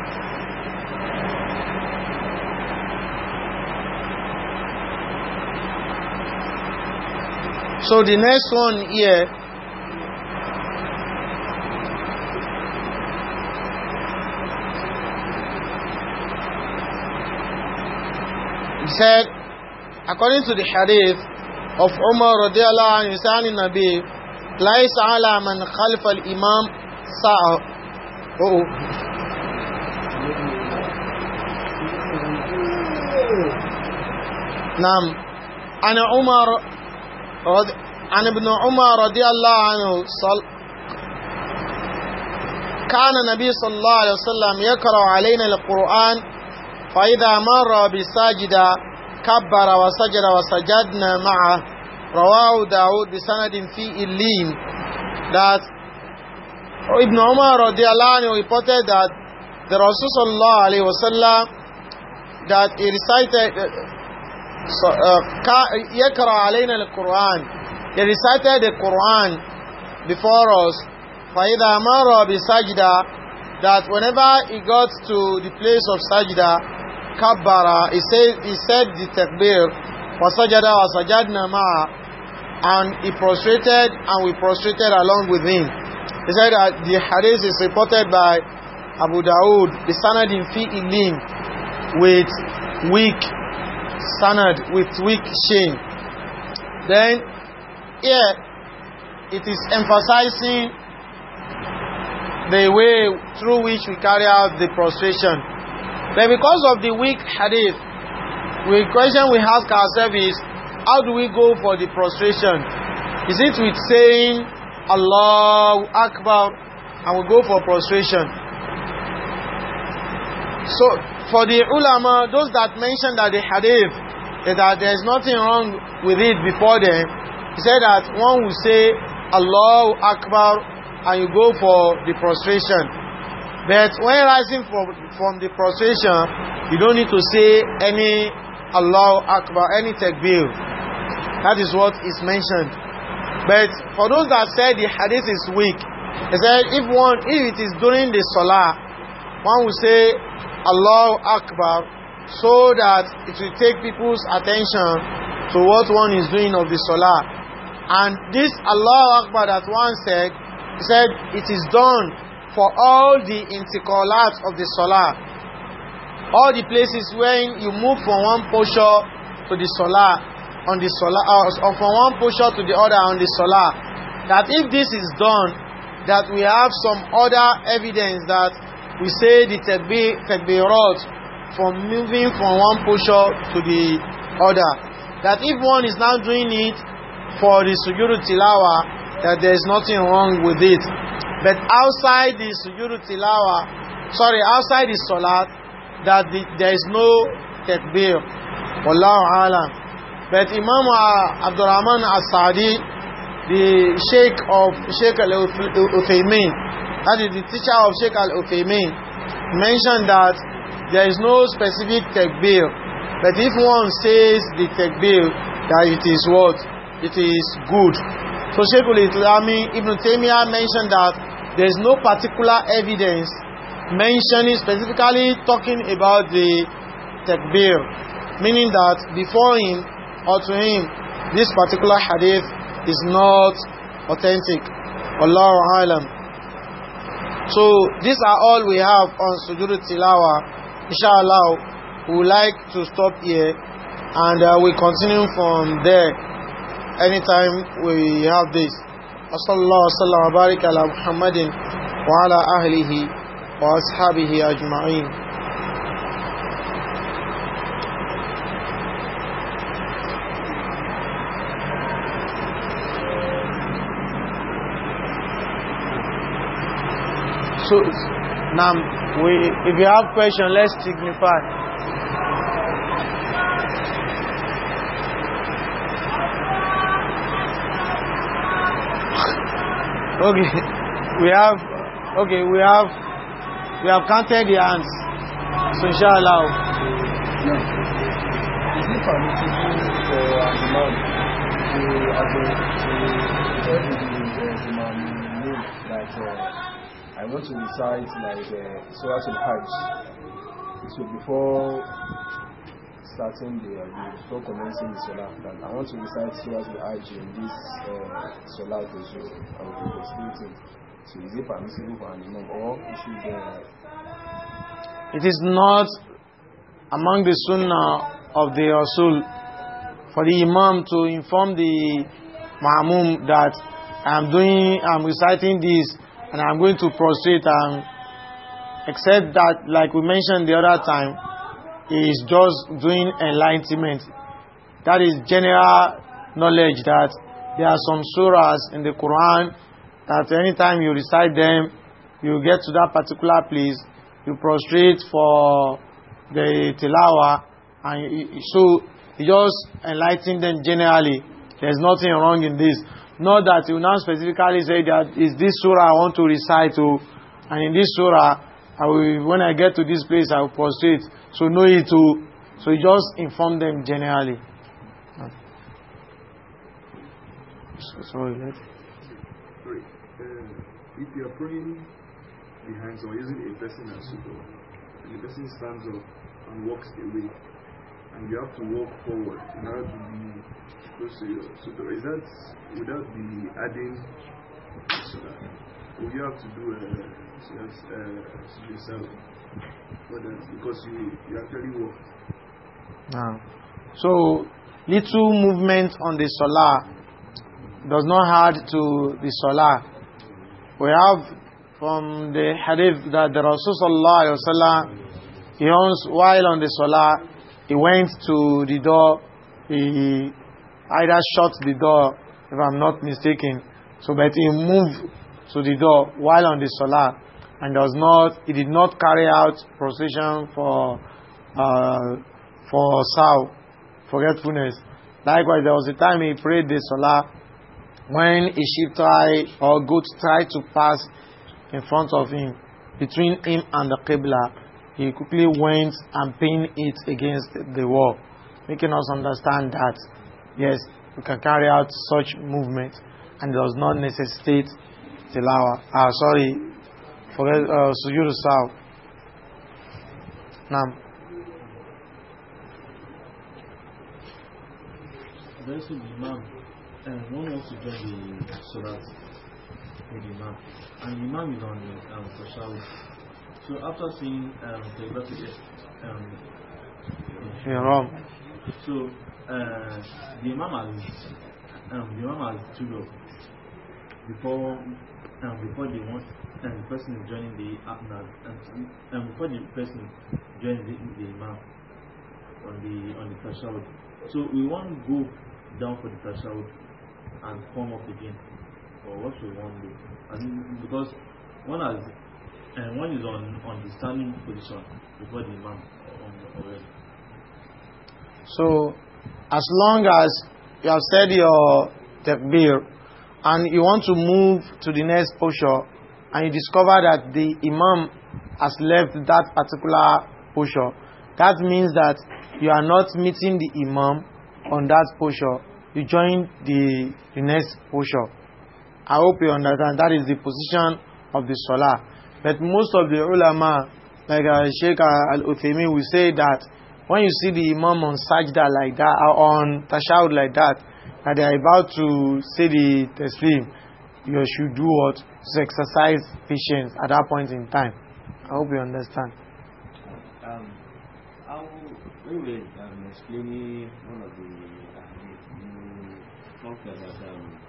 So the next one here He said, according to the hadith of Umar radiallahu anhu, Nabi, ليس على من خلف الإمام ساعة نعم عن عمر رضي عن ابن عمر رضي الله عنه صل كان النبي صلى الله عليه وسلم يقرأ علينا القرآن فإذا مر بساجدة كبر وسجد وسجدنا معه رواه داود بسند في اللين that Ibn Umar radiallahu reported that the Rasulullah alayhi wasallam that he recited uh, uh, yakra alayna al-Quran he recited the Quran before us فَإِذَا مَرَّ بِسَجْدَ that whenever he got to the place of sajda kabbara he said, he said the takbir وَسَجَدَ وَسَجَدْنَا مَعَ and he prostrated and we prostrated along with him he said that the hadith is reported by Abu Dawood, the sanad in fi ilim with weak sanad, with weak shin. Then, here, it is emphasizing the way through which we carry out the prostration. Then because of the weak hadith, the question we ask ourselves is, how do we go for the prostration? Is it with saying, Allahu Akbar and we go for prostration. So for the ulama, those that mentioned that the hadith is that there is nothing wrong with it before them, he said that one will say Allahu Akbar and you go for the prostration. But when rising from, from the prostration, you don't need to say any Allahu Akbar, any takbir. That is what is mentioned. But for those that said the hadith is weak, they said if one if it is during the salah, one will say Allah Akbar so that it will take people's attention to what one is doing of the salah. And this Allah Akbar that one said, he said it is done for all the intiqalat of the salah. All the places when you move from one posture to the salah on the solar, or uh, from one posture to the other on the solar, that if this is done, that we have some other evidence that we say the takbir, takbirat from moving from one posture to the other. That if one is now doing it for the sujood tilawa, that there is nothing wrong with it. But outside the sujood tilawa, sorry, outside the solar, that the, there is no takbir. Wallahu alam. But Imam uh, Abdurrahman Asadi, the Sheikh of Sheikh Al-Uthaymin, that is the teacher of Sheikh Al-Uthaymin, mentioned that there is no specific takbir. But if one says the takbir, that it is what? It is good. So Sheikh Al-Islami, Ibn Taymiyyah mentioned that there is no particular evidence mentioning specifically talking about the takbir. Meaning that before him, or to him, this particular hadith is not authentic. Allahu alam. So these are all we have on sujud tilawa. Inshallah, we would like to stop here and uh, we continue from there anytime we have this. وصلى Barik ala Muhammadin wa ala وعلى wa ashabihi ajma'in. So, now, we, if you have question, let's signify. okay, we have, okay, we have, we have counted the hands. So, inshallah. No. Is I want to recite like uh, Surah Al Hajj. So before starting the, uh, before commencing the Salah, that I want to recite Surah Al Hajj in this uh, Salah al I will be postulating. So is it permissible for an Imam or should uh, It is not among the Sunnah of the Rasul for the Imam to inform the Ma'amum that I'm doing, I'm reciting this and I'm going to prostrate and except that, like we mentioned the other time, is just doing enlightenment. That is general knowledge that there are some surahs in the Quran that anytime you recite them, you get to that particular place, you prostrate for the tilawa, and so you just enlighten them generally. There's nothing wrong in this. Not that you now specifically say that is this surah I want to recite to, and in this surah, I will, when I get to this place, I will prostrate. So know it to, so you just inform them generally. Sorry, let. Sorry. Uh, if you are praying behind someone, using a person as you go, and the person stands up and walks away, and you have to walk forward in order to be so the results without the adding so that we have to do a yes, uh, uh yourself for that because you you actually work. Ah. So little movement on the solar does not add to the solar. We have from the hadith that the Rasulullah sallallahu he while on the solar, he went to the door, he either shut the door, if I'm not mistaken, so that he moved to the door while on the salah and does not, he did not carry out procession for, uh, for sow, forgetfulness. Likewise, there was a time he prayed the salah when a sheep tried or goat tried to pass in front of him, between him and the Qibla, he quickly went and pinned it against the wall, making us understand that Yes, we can carry out such movement and does not necessitate tilawa. Ah, sorry, forget uh, sujood saw. Nam. There's imam, and one wants to join the salat with imam, and imam is on the um, tashahud. So after seeing um, the um, in Rome. so the eh, Imam has, um, the eh, Imam has two laws before, um, before the one, and the person is joining the Abnad, and, and before the person joins the, the Imam on the, on the threshold. So we won't go down for the threshold and come up again. Or what we want to do? And because one has and one is on, on the standing position before the imam already. So As long as you have said your takbir and you want to move to the next posture and you discover that the imam has left that particular posture, that means that you are not meeting the imam on that posture. You join the, the next posture. I hope you understand that is the position of the salah. But most of the ulama, like uh, Sheikh uh, Al Uthaymeen, will say that when you see the Imam on Sajda like that, or uh, on Tashahud like that, that they are about to say the Taslim, you should do what? to exercise patience at that point in time. I hope you understand. Um, how, we um, explaining one of the uh, um, talked about um,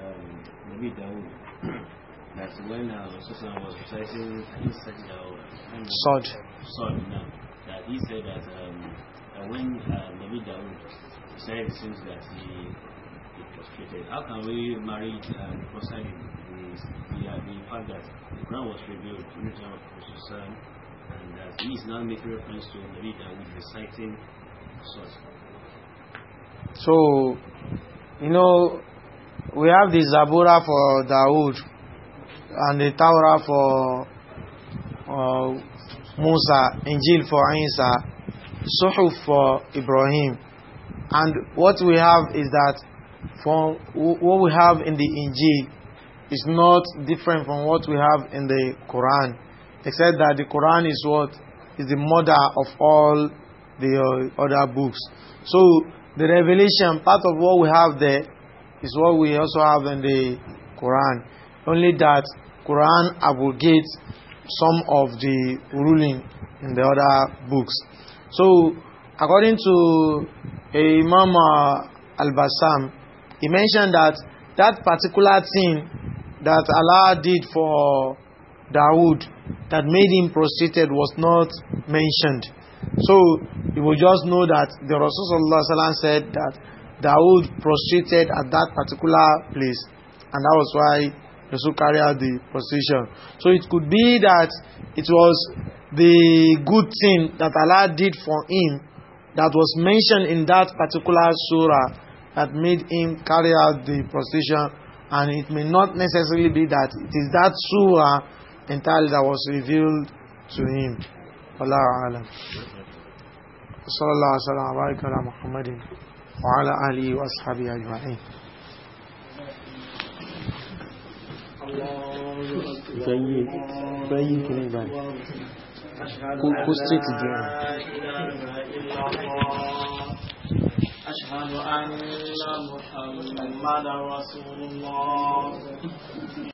um, Dawood. when uh, was Sod. Sod now he said that um, when uh, David Daoud said since that he, he prostrated, how can we marry um, concerning the, had uh, the fact that the ground was revealed in the time of Son and that he is now making reference to David Daoud reciting such? So, you know, we have the Zabura for Daoud and the Torah for uh, Musa, Injil for Isa, Suhuf for Ibrahim. And what we have is that from what we have in the Injil is not different from what we have in the Quran, except that the Quran is what is the mother of all the uh, other books. So the revelation part of what we have there is what we also have in the Quran. Only that Quran abrogates some of the ruling in the other books. So, according to Imam uh, Al-Basam, he mentioned that that particular thing that Allah did for Dawood that made him prostrated was not mentioned. So you will just know that the Rasulullah said that Dawood prostrated at that particular place, and that was why Rasul carry out the procession. So it could be that it was the good thing that Allah did for him that was mentioned in that particular surah that made him carry out the procession and it may not necessarily be that it is that surah entirely that was revealed to him. صلى الله وسلم وبارك على محمد وعلى اله واصحابه اجمعين सही सही कि नहीं भाई उससे कीजिए أشهد أن محمدا رسول الله